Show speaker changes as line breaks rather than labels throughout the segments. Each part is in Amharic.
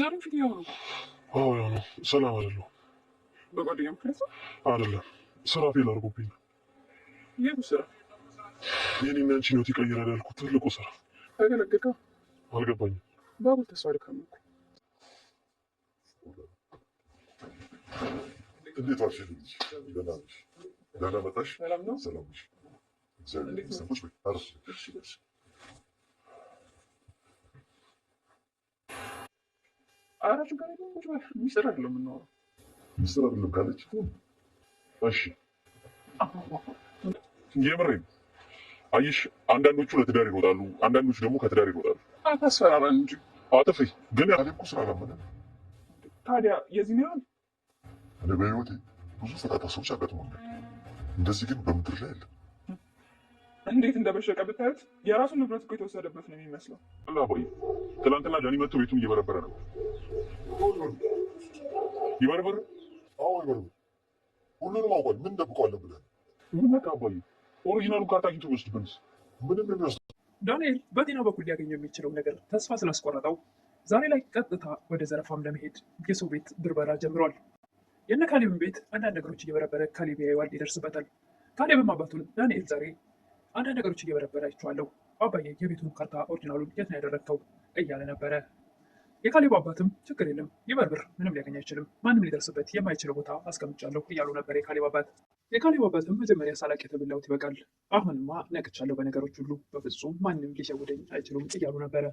ዛሬ ፊት ያው አዎ ያው ነው። ሰላም አይደለሁም። በጓደኛ ምክንያት አይደለም፣ ስራ ፌል አድርጎብኝ ነው። ይህ ስራ የኔና አንቺ ህይወት ይቀይራል ያልኩት ትልቁ ስራ ተገለገልካ። አልገባኝም። ባቡል ተስፋ አድካም እኮ እንዴት ዋልሽ? ደህና ነሽ? ደህና መጣሽ። ሰላም ነው። ሰላም ነሽ? እግዚአብሔር ይመስገን። ቁጭ በይ። ኧረ ችግር የለም ሚስጥር አይደለም የምናወራው። ሚስጥር አይደለም ካለች እሺ፣ የምሬን አየሽ። አንዳንዶቹ ለትዳር ይወጣሉ አንዳንዶቹ ደግሞ ከትዳር ይወጣሉ አታስፈራራን እንጂ አጥፊ ግን ያለ እኮ ስራ ለመደ። ታዲያ የዚህ ነው ያለ። በህይወቴ ብዙ ፈጣጣ ሰዎች አጋጥሞኛል። እንደዚህ ግን በምድር ላይ የለም። እንዴት እንደበሸቀ ብታዩት። የራሱን ንብረት እኮ የተወሰደበት ነው የሚመስለው። ላሆይ ትናንትና ጃኒ መጥቶ ቤቱን እየበረበረ ነው። ይበርብር። አዎ ይበርብር። ሁሉንም አውቋል። ምን እንደብቀዋለን ብለ ምን በቃ ኦሪጂናሉ ካርታ አግኝቶ ብንስ ምንም የሚወስድ ዳንኤል በጤና በኩል ሊያገኘው የሚችለው ነገር ተስፋ ስላስቆረጠው ዛሬ ላይ ቀጥታ ወደ ዘረፋም ለመሄድ የሰው ቤት ብርበራ ጀምሯል። የነ ካሌብን ቤት አንዳንድ ነገሮች እየበረበረ ካሌብ ያየዋል፣ ይደርስበታል። ካሌብም አባቱን ዳንኤል ዛሬ አንዳንድ ነገሮች እየበረበረ አይቼዋለሁ። አባዬ የቤቱን ካርታ ኦሪጂናሉን የት ነው ያደረግከው እያለ ነበረ። የካሌብ አባትም ችግር የለም ይበርብር፣ ምንም ሊያገኝ አይችልም፣ ማንም ሊደርስበት የማይችለው ቦታ አስቀምጫለሁ እያሉ ነበር የካሌብ አባት። የካሌብ አባትም መጀመሪያ ሳላቅ የተበላሁት ይበቃል፣ አሁንማ ነቅቻለሁ በነገሮች ሁሉ፣ በፍጹም ማንም ሊሸውደኝ አይችሉም እያሉ ነበረ።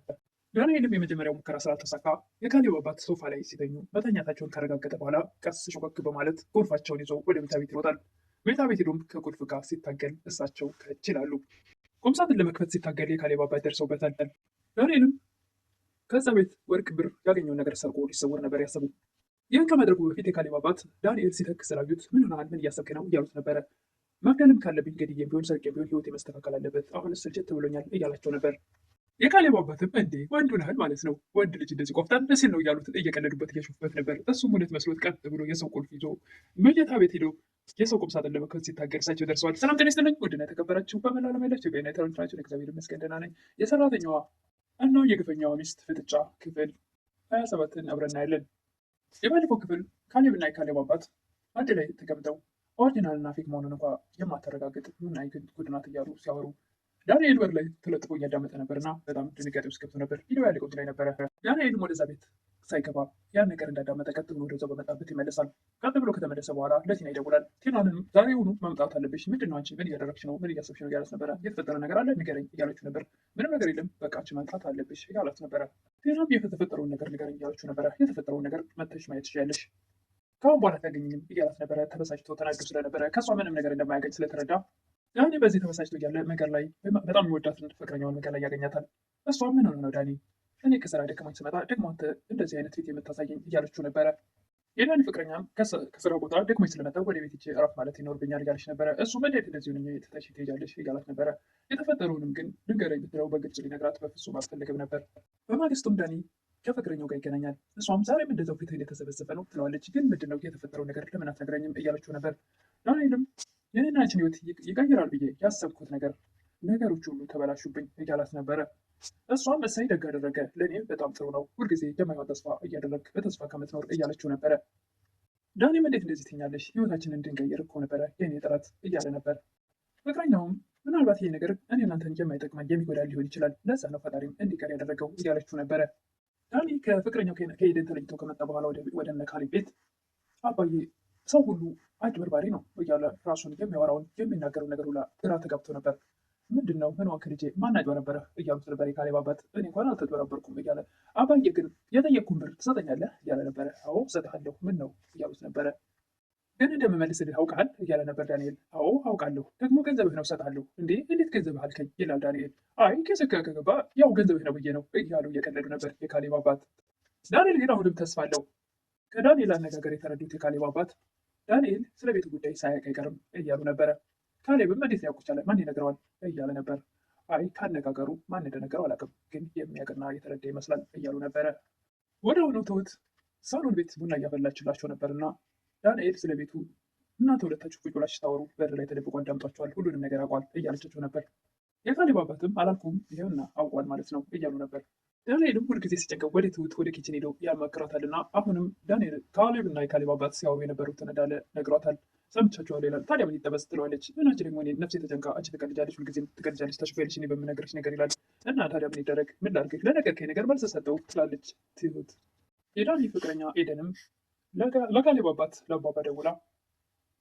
ዳንኤልም የመጀመሪያው ሙከራ ስላልተሳካ የካሌብ አባት ሶፋ ላይ ሲተኙ መተኛታቸውን ካረጋገጠ በኋላ ቀስ ሾከክ በማለት ጎርፋቸውን ይዞ ወደ መኝታ ቤት ይሮጣል። ቤት ሄዶም ከቁልፍ ጋር ሲታገል እሳቸው ከች ይላሉ። ቁምሳጥን ለመክፈት ሲታገል የካሌብ አባት ደርሰውበታል። ዳንኤልም ከዛ ቤት ወርቅ፣ ብር ያገኘውን ነገር ሰርቆ ሊሰውር ነበር ያሰቡ። ይህን ከማድረጉ በፊት የካሌብ አባት ዳንኤል ሲተክ ስላዩት ምን ሆነሃል? ምን እያሰብክ ነው? እያሉት ነበረ። መግደልም ካለብኝ ገድዬም ቢሆን ሰርቄ ቢሆን ህይወት የመስተካከል አለበት። አሁን ስልችት ብሎኛል እያላቸው ነበር። የካሌብ እንዴ ወንዱ ነህል ማለት ነው ወንድ ልጅ እንደዚህ ቆፍጣን ምስል ነው እያሉት እየቀለዱበት እየሾፉበት ነበር። እሱም እውነት መስሎት ቀጥ ብሎ የሰው ቁልፍ ይዞ መኝታ ቤት ሄዶ የሰው ቁም ሳጥን ለመክፈት ሲታገር እሳቸው ደርሰዋል። ሰላም ጤና ይስጥልኝ ውድና የተከበራችሁ በመላው ዓለም ያላችሁ ኢትዮጵያውያን ተወዳጆች፣ እግዚአብሔር ይመስገን ደህና ነኝ። የሰራተኛዋ እና የግፈኛዋ ሚስት ፍጥጫ ክፍል ሀያ ሰባትን አብረን እናያለን። የባለፈው ክፍል ካሌብና የካሌብ አባት አንድ ላይ ተቀምጠው ኦሪጂናልና ፌክ መሆኑን እንኳ የማተረጋገጥ ምን አይነት ጉድ እያሉ ሲያወሩ ዳንኤል ኤድወርድ ላይ ተለጥፎ እያዳመጠ ነበር እና በጣም ድንጋጤ ውስጥ ገብቶ ነበር። ቪዲዮ ያለ እዚህ ላይ ነበረ። ዳንኤልም ወደዛ ቤት ሳይገባ ያን ነገር እንዳዳመጠ ቀጥ ብሎ ወደዛው በመጣበት ይመለሳል። ቀጥ ብሎ ከተመለሰ በኋላ ለቲና ይደውላል። ቲናንም ዛሬውኑ መምጣት አለብሽ፣ ምንድን ነው አንቺ ምን እያደረግሽ ነው? ምን እያሰብሽ ነው? እያላት ነበረ። የተፈጠረ ነገር አለ ንገረኝ እያለች ነበር። ምንም ነገር የለም በቃ አንቺ መምጣት አለብሽ እያላት ነበረ። ቲናም የተፈጠረውን ነገር ንገረኝ እያለችው ነበረ። የተፈጠረውን ነገር መተሽ ማየት ትችያለሽ ከአሁን በኋላ ታገኝም እያላት ነበረ። ተበሳጭቶ ተናግር ስለነበረ ከእሷ ምንም ነገር እንደማያገኝ ስለተረዳ ዳኒ በዚህ ተበሳጭቶ እያለ መንገድ ላይ በጣም የሚወዳትን ፍቅረኛውን መንገድ ላይ ያገኛታል። እሷ ምን ሆነ ነው ዳኒ እኔ ከስራ ደከመኝ ስመጣ ደግሞ አንተ እንደዚህ አይነት ፊት የምታሳየኝ እያለችው ነበረ። የዳኒ ፍቅረኛም ከስራ ቦታ ደክሞኝ ስለመጣ ወደ ቤት ሂጅ እረፍ ማለት ይኖርብኛል እያለች ነበረ። እሱ እንዴት እንደዚህ ሆነ ትተሽ ትሄጃለሽ እያላት ነበረ። የተፈጠረውንም ግን ንገረኝ ብትለው በግልጽ ሊነግራት በፍጹም አስፈልግም ነበር። በማግስቱም ዳኒ ከፍቅረኛው ጋር ይገናኛል። እሷም ዛሬም እንደዛው ፊት እየተሰበሰበ ነው ትለዋለች። ግን ምንድነው የተፈጠረው ነገር ለምን አትነግረኝም እያለችው ነበር። ዳኒልም የእናችን ህይወት ይቀይራል ብዬ ያሰብኩት ነገር ነገሮች ሁሉ ተበላሹብኝ እያላት ነበረ። እሷም እሰይ ደግ አደረገ፣ ለእኔም በጣም ጥሩ ነው፣ ሁልጊዜ የማይሆን ተስፋ እያደረግ በተስፋ ከምትኖር እያለችው ነበረ። ዳኔም እንዴት እንደዚህ ትኛለሽ? ህይወታችንን እንድንቀይር እኮ ነበረ የኔ ጥረት እያለ ነበር። ፍቅረኛውም ምናልባት ይህ ነገር እኔ እናንተን የማይጠቅመን የሚጎዳ ሊሆን ይችላል፣ ለዛ ነው ፈጣሪም እንዲቀር ያደረገው እያለችው ነበረ። ዳኒ ከፍቅረኛው ከኤደን ተለይቶ ከመጣ በኋላ ወደ እነ ካሌብ ቤት አባዬ ሰው ሁሉ አጭበርባሪ ነው እያለ ራሱን የሚያወራውን የሚናገረውን ነገር ሁላ ግራ ተጋብቶ ነበር። ምንድን ነው ምን ዋንክ ልጄ ማን እያሉት ነበር የካሌብ አባት። እኔ እንኳን አልተጭበረበርኩም እያለ አባዬ ግን የጠየቅኩህን ብር ትሰጠኛለህ እያለ ነበረ። አዎ እሰጥሃለሁ፣ ምን ነው እያሉት ነበረ። ግን እንደምመልስልህ አውቃል እያለ ነበር ዳንኤል። አዎ አውቃለሁ፣ ደግሞ ገንዘብህ ነው እሰጥሃለሁ። እንዴ እንዴት ገንዘብህ አልከኝ? ይላል ዳንኤል። አይ ኬስክ ከገባ ያው ገንዘብህ ነው ብዬ ነው እያሉ እየቀለዱ ነበር የካሌብ አባት። ዳንኤል ግን አሁንም ተስፋ አለው። ከዳንኤል አነጋገር የተረዱት የካሌብ አባት ዳንኤል ስለ ቤቱ ጉዳይ ሳያውቅ አይቀርም እያሉ ነበረ። ካሌብም እንዴት ሊያውቅ ይቻላል? ማን ይነግረዋል? እያለ ነበር። አይ ካነጋገሩ ማን እንደነገረው አላውቅም፣ ግን የሚያውቅና የተረዳ ይመስላል እያሉ ነበረ። ወዲያውኑ ተውት ሳሎን ቤት ቡና እያፈላችላቸው ነበርና ዳንኤል ስለ ቤቱ እናንተ ሁለታችሁ ቁጭ ብላችሁ ስታወሩ በር ላይ ተደብቆ አዳምጧቸዋል፣ ሁሉንም ነገር አውቋል እያለቻቸው ነበር። የካሌብ አባትም አላልኩም ይሄውና አውቋል ማለት ነው እያሉ ነበር። ዳንኤልም ሁልጊዜ ሲጨንቀው ወደ ትሁት ወደ ኪችን ሄደው ያማክራታል እና አሁንም ዳንኤል ካሌብ እና የካሌብ አባት ሲያወሩ የነበሩትን እንዳለ ነግሯታል። ሰምቻችኋል ይላል። ታዲያ ምን ይጠበስ ትለዋለች። ምን አንቺ ደግሞ እኔ ነፍሴ ተጨንቃ አንቺ ትቀልጃለች፣ ሁልጊዜ ትቀልጃለች፣ ታሽፋለች፣ እኔ በምነግርሽ ነገር ይላል እና ታዲያ ምን ይደረግ ምን ላድርግህ፣ ለነገርከኝ ነገር መልስ ሰጠው ትላለች ትሁት። የዳኒ ፍቅረኛ ኤደንም ለካሌብ አባት ለአባባ ደውላ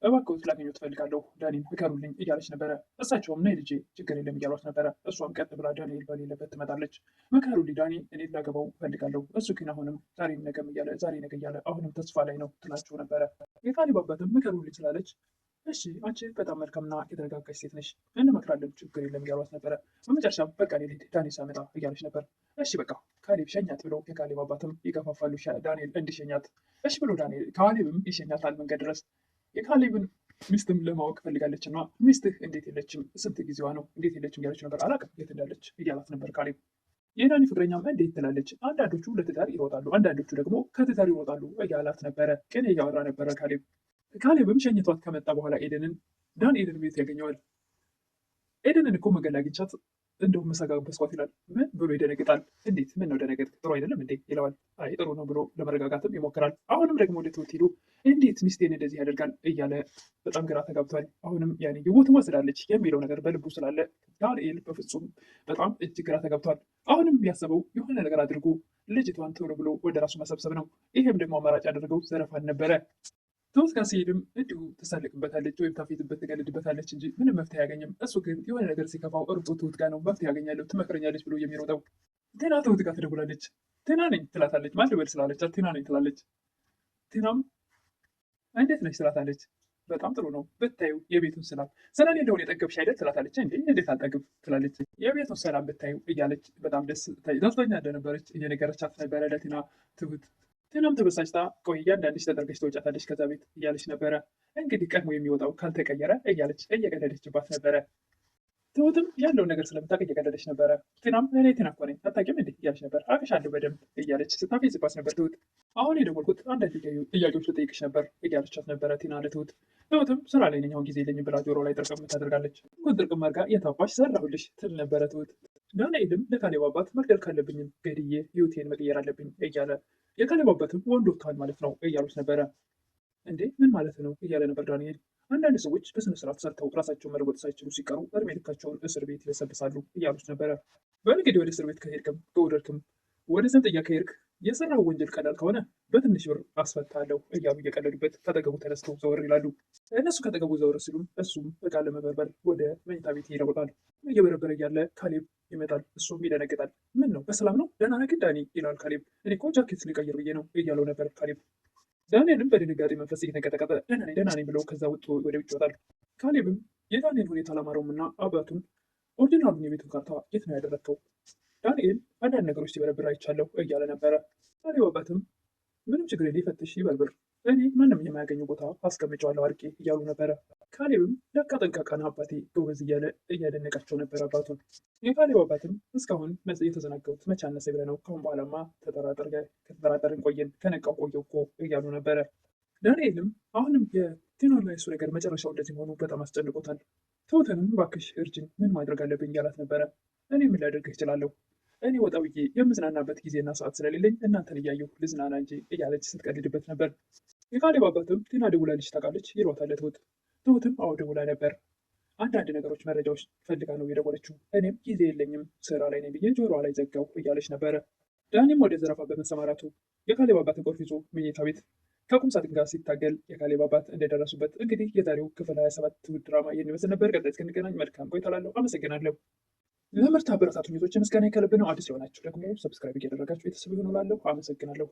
እባክዎት ላገኘዎት ትፈልጋለሁ ዳኒን ምከሩልኝ እያለች ነበረ። እሳቸውም ነይ ልጄ ችግር የለም እያሏት ነበረ። እሷም ቀጥ ብላ ዳንኤል በሌለበት ትመጣለች። ምከሩልኝ ዳኒ እኔ ላገባው ፈልጋለሁ እሱ ግን አሁንም ዛሬም ነገም እያለ ዛሬ ነገ እያለ አሁንም ተስፋ ላይ ነው ትላቸው ነበረ። የካሊብ አባትም ምከሩልኝ ትላለች። እሺ አንቺ በጣም መልካምና የተረጋጋች ሴት ነሽ፣ እንመክራለን፣ ችግር የለም እያሏት ነበረ። በመጨረሻም በቃ ሌሊት ዳኒ ሳመጣ እያለች ነበር። እሺ በቃ ካሌብ ሸኛት ብሎ የካሌብ አባትም ይገፋፋሉ ዳንኤል እንዲሸኛት። እሺ ብሎ ዳንኤል ካሌብም ይሸኛታል መንገድ ድረስ የካሌብን ሚስትም ለማወቅ ፈልጋለች እና ሚስትህ እንዴት የለችም? ስንት ጊዜዋ ነው እንዴት የለችም እያለች ነገር አላውቅም፣ የት እንዳለች እያላት ነበር ካሌብ። የዳኒ ፍቅረኛም እንዴት ትላለች፣ አንዳንዶቹ ለትዳር ይሮጣሉ፣ አንዳንዶቹ ደግሞ ከትዳር ይሮጣሉ እያላት ነበረ። ቅኔ እያወራ ነበረ ካሌብ። ካሌብም ሸኝቷት ከመጣ በኋላ ኤደንን ዳን ኤደን ቤት ያገኘዋል። ኤደንን እኮ መንገድ ላይ አግኝቻት እንደውም መሳጋ በስኳት ይላል። ምን ብሎ ይደነግጣል። እንዴት ምን ነው ደነገጥ፣ ጥሩ አይደለም እንዴ ይለዋል። አይ ጥሩ ነው ብሎ ለመረጋጋትም ይሞክራል። አሁንም ደግሞ ወደ ትሁት ሄዶ እንዴት ሚስቴን እንደዚህ ያደርጋል እያለ በጣም ግራ ተጋብቷል። አሁንም ያኔ ይወት ወስዳለች የሚለው ነገር በልቡ ስላለ ዳንኤል በፍጹም በጣም እጅግ ግራ ተጋብቷል። አሁንም ያሰበው የሆነ ነገር አድርጎ ልጅቷን ቶሎ ብሎ ወደ ራሱ መሰብሰብ ነው። ይሄም ደግሞ አማራጭ ያደረገው ዘረፋን ነበረ። ትሁት ጋር ሲሄድም እንዲሁ ትሳለቅበታለች ወይም ታፌትበት ትገልድበታለች እንጂ ምንም መፍትሄ አያገኝም። እሱ ግን የሆነ ነገር ሲከፋው እርጦ ትሁት ጋ ነው መፍትሄ ያገኛለሁ ትመክረኛለች ብሎ የሚሮጠው። ቴና ትሁት ጋር ትደውላለች። ቴና ነኝ ትላታለች። ማን ልበል ስላለቻት ቴና ነኝ ትላለች። ቴናም እንዴት ነች ትላታለች። በጣም ጥሩ ነው ብታዩ የቤቱን ሰላም እኔ እንደሆነ የጠገብሽ አይደል ትላታለች። እንዴ እንዴት አልጠግብ ትላለች። የቤቱን ሰላም ብታዩ እያለች በጣም ደስ ደስተኛ እንደነበረች እየነገረቻት ነበረ ለቴና ትሁት ቴናም ተበሳጭታ ቆይ እያንዳንድሽ ተጠርገሽ ተወጫታለሽ ከዛ ቤት እያለች ነበረ። እንግዲህ ቀድሞ የሚወጣው ካልተቀየረ እያለች እየቀደደችባት ነበረ። ትሁትም ያለውን ነገር ስለምታውቅ እየቀደደች ነበረ። ቴናም እኔ ቴና እኮ ነኝ አታውቂም እንዴ እያለች ነበር። አውቅሻለሁ በደንብ እያለች ስታፌዝባት ነበር። ትሁት አሁን የደወልኩት አንዳንድ ጥያቄዎች ልጠይቅሽ ነበር እያለቻት ነበረ ቴና ለትሁት። ትሁትም ስራ ላይ ነኝ አሁን ጊዜ የለኝም ብላ ጆሮ ላይ ጥርቅም ታደርጋለች። ኩን ጥርቅም አድርጋ የታባሽ ሰራሁልሽ ትል ነበረ ትሁት። ዳንኤልም ለካሌብ አባት መግደል ካለብኝም ገድዬ ህይወቴን መቀየር አለብኝ እያለ የተለባበትም ወንድ ወጥቷል ማለት ነው እያሉት ነበረ። እንዴ ምን ማለት ነው እያለ ነበር ዳንኤል። አንዳንድ ሰዎች በስነ ስርዓት ሰርተው ራሳቸውን መለወጥ ሳይችሉ ሲቀሩ እድሜ ልካቸውን እስር ቤት ይበሰብሳሉ እያሉት ነበረ። በእንግዲህ ወደ እስር ቤት ከሄድክም ከወደድክም ወደ ዘንጠያ ከሄድክ የሰራው ወንጀል ቀላል ከሆነ በትንሽ ብር አስፈታለሁ እያሉ እየቀለዱበት ከአጠገቡ ተነስተው ዘወር ይላሉ። እነሱ ከአጠገቡ ዘወር ሲሉም እሱም እቃ ለመበርበር ወደ መኝታ ቤት ይለውጣል። እየበረበረ እያለ ካሌብ ይመጣል። እሱም ይደነግጣል። ምን ነው በሰላም ነው? ደህና ነህ ግን ዳኒ? ይላል ካሌብ። እኔ እኮ ጃኬት ልቀይር ብዬ ነው እያለው ነበር ካሌብ። ዳንኤልም በድንጋጤ መንፈስ እየተንቀጠቀጠ ደህና ነኝ ደህና ነኝ ብለው ከዛ ወጥቶ ወደ ውጭ ይወጣል። ካሌብም የዳንኤል ሁኔታ አላማረውም እና አባቱን ኦርዲናሉን የቤቱን ካርታ የት ነው ያደረግከው ዳንኤል አንዳንድ ነገሮች ሲበረብር አይቻለሁ እያለ ነበረ። ታዲያ ምንም ችግር የለ ይፈትሽ ይበርብር፣ እኔ ማንም የማያገኙ ቦታ አስቀምጫዋለሁ አርቄ እያሉ ነበረ። ካሌብም ለካ ጠንቃቃ አባቴ ጎበዝ እያለ እያደነቃቸው ነበረ አባቱን። የካሌብ አባትም እስካሁን የተዘናገቡት መቻነሰ ብለ ነው፣ ካሁን በኋላማ ተጠራጠር ከተጠራጠርን ቆየን ከነቃው ቆየ እኮ እያሉ ነበረ። ዳንኤልም አሁንም የቴኖር ላይ እሱ ነገር መጨረሻው እንደዚህ መሆኑ በጣም አስጨንቆታል። ተውተንም እባክሽ እርጅን ምን ማድረግ አለብኝ እያላት ነበረ። እኔ ምን ላደርግህ እችላለሁ እኔ ወጣ ብዬ የምዝናናበት ጊዜና ሰዓት ስለሌለኝ እናንተን እያየሁ ልዝናና እንጂ እያለች ስትቀልድበት ነበር። የካሌብ አባትም ቴና ደውላለች ታውቃለች ይሏታል ትሁት። ትሁትም አዎ ደውላ ነበር። አንዳንድ ነገሮች መረጃዎች ፈልጋ ነው የደወለችው። እኔም ጊዜ የለኝም ስራ ላይ ነኝ ብዬ ጆሮዋ ላይ ዘጋው እያለች ነበረ። ዳኒም ወደ ዘረፋ በመሰማራቱ የካሌብ አባትን ቁልፍ ይዞ መኝታ ቤት ከቁም ሳጥን ጋር ሲታገል የካሌብ አባት እንደደረሱበት። እንግዲህ የዛሬው ክፍል 27 ትሁት ድራማ የሚመስል ነበር። ቀጣይ እስክንገናኝ መልካም ቆይታ እላለሁ። አመሰግናለሁ። ለምርት አበረታቱ ኝቶች ምስጋና ከልብ ነው። አዲስ የሆናችሁ ደግሞ ሰብስክራይብ እያደረጋችሁ ቤተሰብ ይሆኑላለሁ። አመሰግናለሁ።